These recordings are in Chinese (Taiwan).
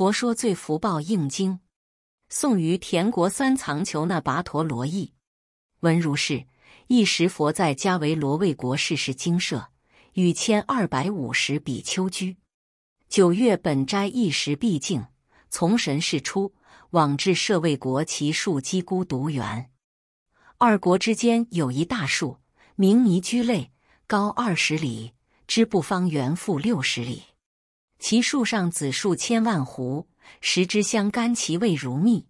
佛說罪福報應經，宋於闐國三藏求那跋陀羅譯。聞如是。一時佛在迦維羅衛國釋氏精舍，與千二百五十比丘俱。九月本齋一時畢竟，從神室出，往至舍衛國祇樹給孤獨園。二國之間有一大樹，名尼拘類，高二十里，枝布方圓覆六十里。其樹上子數千萬斛，食之香甘，其味如蜜。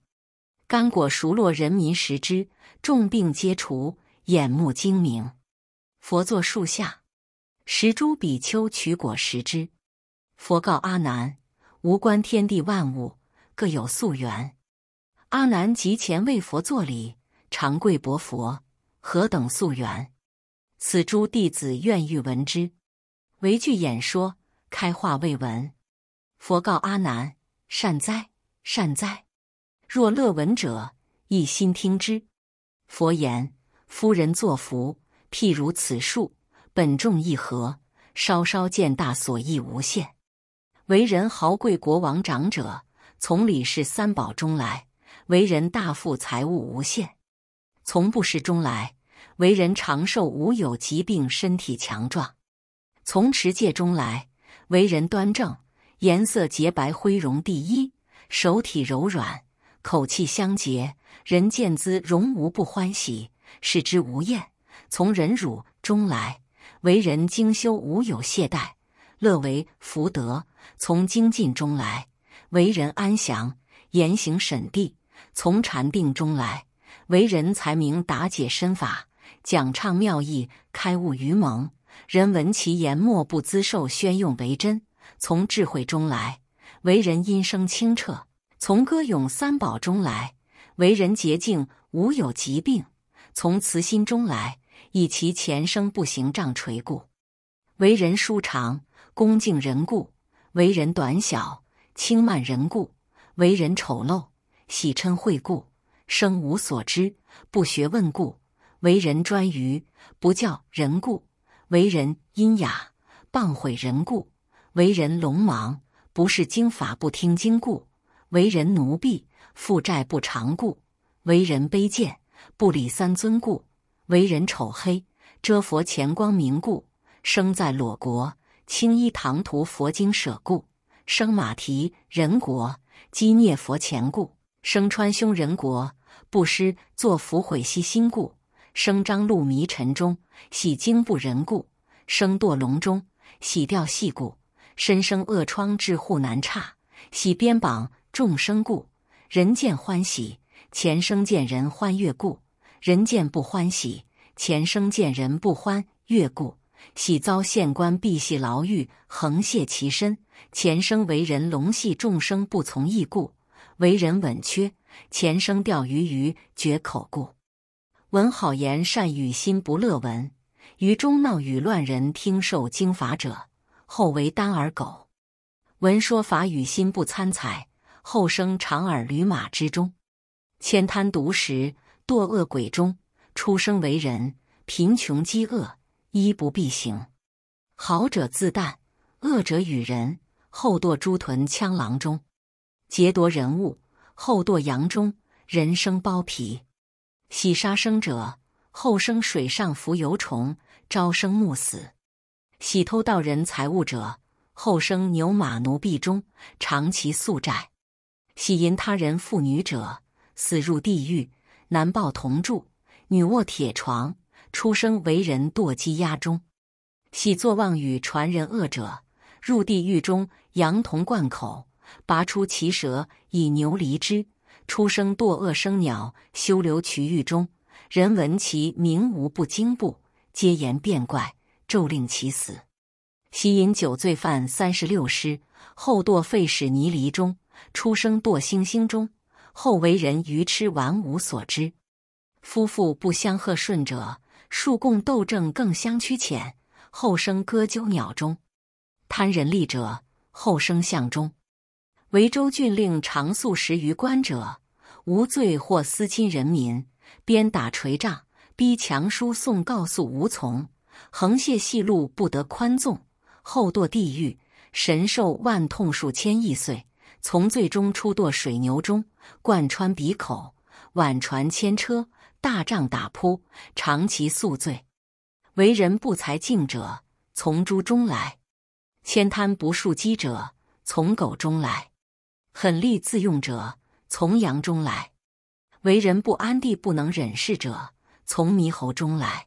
甘果熟落，人民食之，眾病皆除，眼目精明。佛坐樹下，時諸比丘取果食之。佛告阿難：吾觀天地萬物，各有宿緣。阿難即前為佛作禮，長跪白佛：何等宿緣？此諸弟子願欲聞之，唯具演說。開化未聞，佛告阿難：善哉，善哉！若樂聞者，一心聽之。佛言：夫人作福，譬如此樹，本種一核，稍稍漸大，所益無限。為人豪貴國王長者，從禮事三寶中來；為人大富，財物無限，從布施中來；為人長壽，無有疾病，身體強壯，從持戒中來。為人端正，顏色潔白，暉容第一，手體柔軟，口氣香潔，人見姿容無不歡喜，視之無厭。從忍辱中來，為人精修無有懈怠，樂為福德；從精進中來，為人安詳，言行審諦，從禪定中來，為人才明達解深法，講暢妙義，開悟愚蒙。人聞其言，莫不諮受宣用為珍，從智慧中來；為人音聲清徹，從歌詠三寶中來；為人潔淨，無有疾病，從慈心中來；以其前生不行杖捶故，為人姝長，恭敬人故；為人短小，輕慢人故；為人醜陋，喜瞋恚故，生無所知，不學問故；為人顓愚，不教人故。為人瘖瘂，謗毀人故；為人聾盲，不視經法不聽經故；為人奴婢，負債不償故；為人卑賤，不禮三尊故；為人醜黑，遮佛前光明故；生在裸國，輕衣搪揬佛精舍故；生馬蹄人國，屐躡佛前故；生穿胸人國，佈施作福悔惜心故。生麞鹿麋塵中，喜驚怖人故；生墮龍中，喜調戲故；身生惡瘡，治護難差，喜鞭榜眾生故。人見歡喜，前生見人歡悅故；人見不歡喜，前生見人不歡悅故。喜遭縣官閉繫牢獄，桁械其身；前生為人籠繫眾生，不從意故；為人吻缺，前生釣魚魚決口故。聞好言善語，心不樂聞；於中鬧語亂人聽受經法者，後為耽耳狗。聞說法語心不飡採，後生長耳驢馬之中，慳貪獨食，墮餓鬼中出生為人貧窮飢餓，衣不蔽形。好者自啖，惡者與人，後墮豬豚蜣蜋中。劫奪人物，後墮羊中，人生剝皮。喜殺生者，後生水上浮游蟲，朝生暮死；喜偷盜人財物者，後生牛馬奴婢中，償其宿債；喜淫他人婦女者，死入地獄，男抱銅柱，女臥鐵床，出生為人墮雞鴨中；喜作妄語傳人惡者，入地獄中洋銅灌口，拔出其舌以牛犁之。出生墮惡聲鳥，鵂鶹鸜鵒中，人聞其鳴無不驚怖，皆言變怪，咒令其死。憙飲酒醉犯三十六失，後墮沸屎泥犁中，出生墮狌狌中，後為人愚癡頑無所知。夫婦不相和順者，數共鬪諍更相驅遣，後生鴿鳩鳥中。貪人力者，後生象中。為州郡令長粟食於官者，無罪或私侵人民，鞭打捶杖，逼強輸送，告訴無從，桁械繫錄不得寬縱，後墮地獄，神受萬痛數千億歲。從罪中出墮水牛中，貫穿鼻口，挽船牽車大杖打撲，償其宿罪。為人不裁淨者，從豬中來；慳貪不庶幾者，從狗中來。佷戾自用者，從羊中來；為人不安諦不能忍事者，從獼猴中來；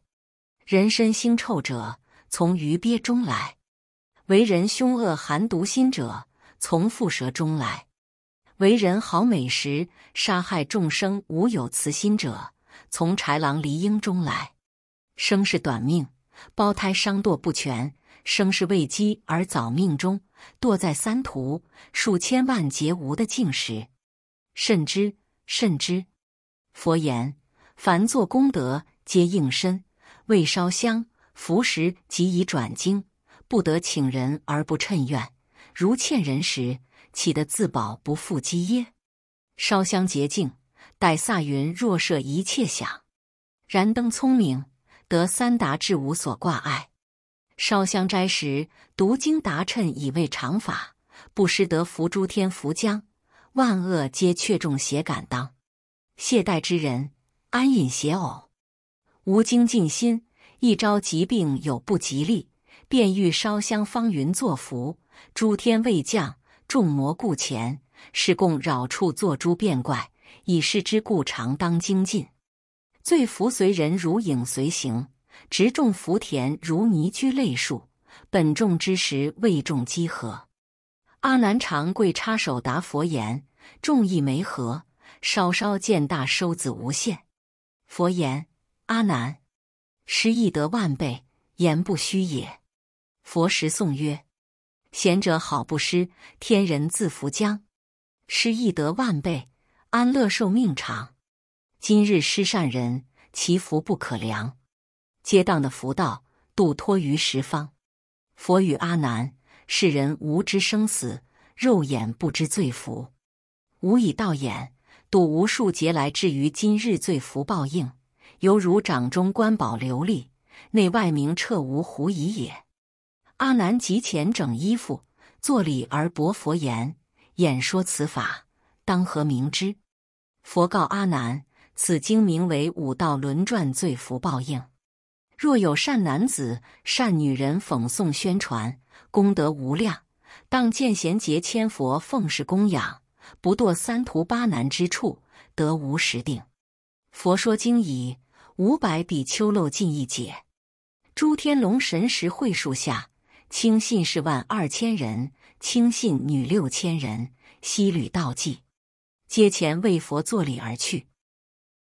人身腥臭者，從魚鱉中來；為人兇惡、含毒心者，從蝮蛇中來；為人好美食、殺害眾生、無有慈心者，從豺狼狸鷹中來；生世短命，胞胎傷墮不全，生世未幾而早命終。墮在三塗，數千萬劫無得竟時，慎之，慎之。佛言：凡作功德，皆應身。為燒香、福食及以轉經，不得請人而不嚫願。如倩人食，豈得自飽不復饑耶？燒香潔淨，逮薩雲若攝一切想，燃燈聰明，得三達智，無所罣礙。燒香齋食，讀經達嚫，以為常法，佈施得福諸天扶將，萬惡皆卻眾邪敢當。懈怠之人，安隱諧偶，無精進心，一朝疾病有不吉利，便欲燒香方云作福，諸天未降，眾魔故前，試共嬈觸作諸變怪，以是之故，常當精進，罪福隨人如影隨形。殖種福田如尼俱類樹，本種之時為種幾核。阿難長跪叉手答佛言：種一枚核，稍稍漸大，收子無限。佛言：阿難，施一得萬倍，言不虛也。佛時頌曰：賢者好布施，天人自扶將。施一得萬倍，安樂壽命長。今日施善人，其福不可量。皆當得佛道度脫於十方，佛語阿難，世人無知生死，肉眼不知罪福，吾以道眼覩無數劫來至於今日罪福報應，猶如掌中觀寶琉璃，內外明徹無狐疑也。阿難即前整衣服，作禮而白佛言，演說此法當何名之？佛告阿難：此經名為五道輪轉罪福報應。若有善男子、善女人，諷誦宣傳，功德無量。當見賢劫千佛奉事供養，不墮三途八難之處，得無識定。佛說經已，五百比丘漏盡意解。諸天龍神時會樹下，清信士萬二千人，清信女六千人，悉履道跡，皆前為佛作禮而去。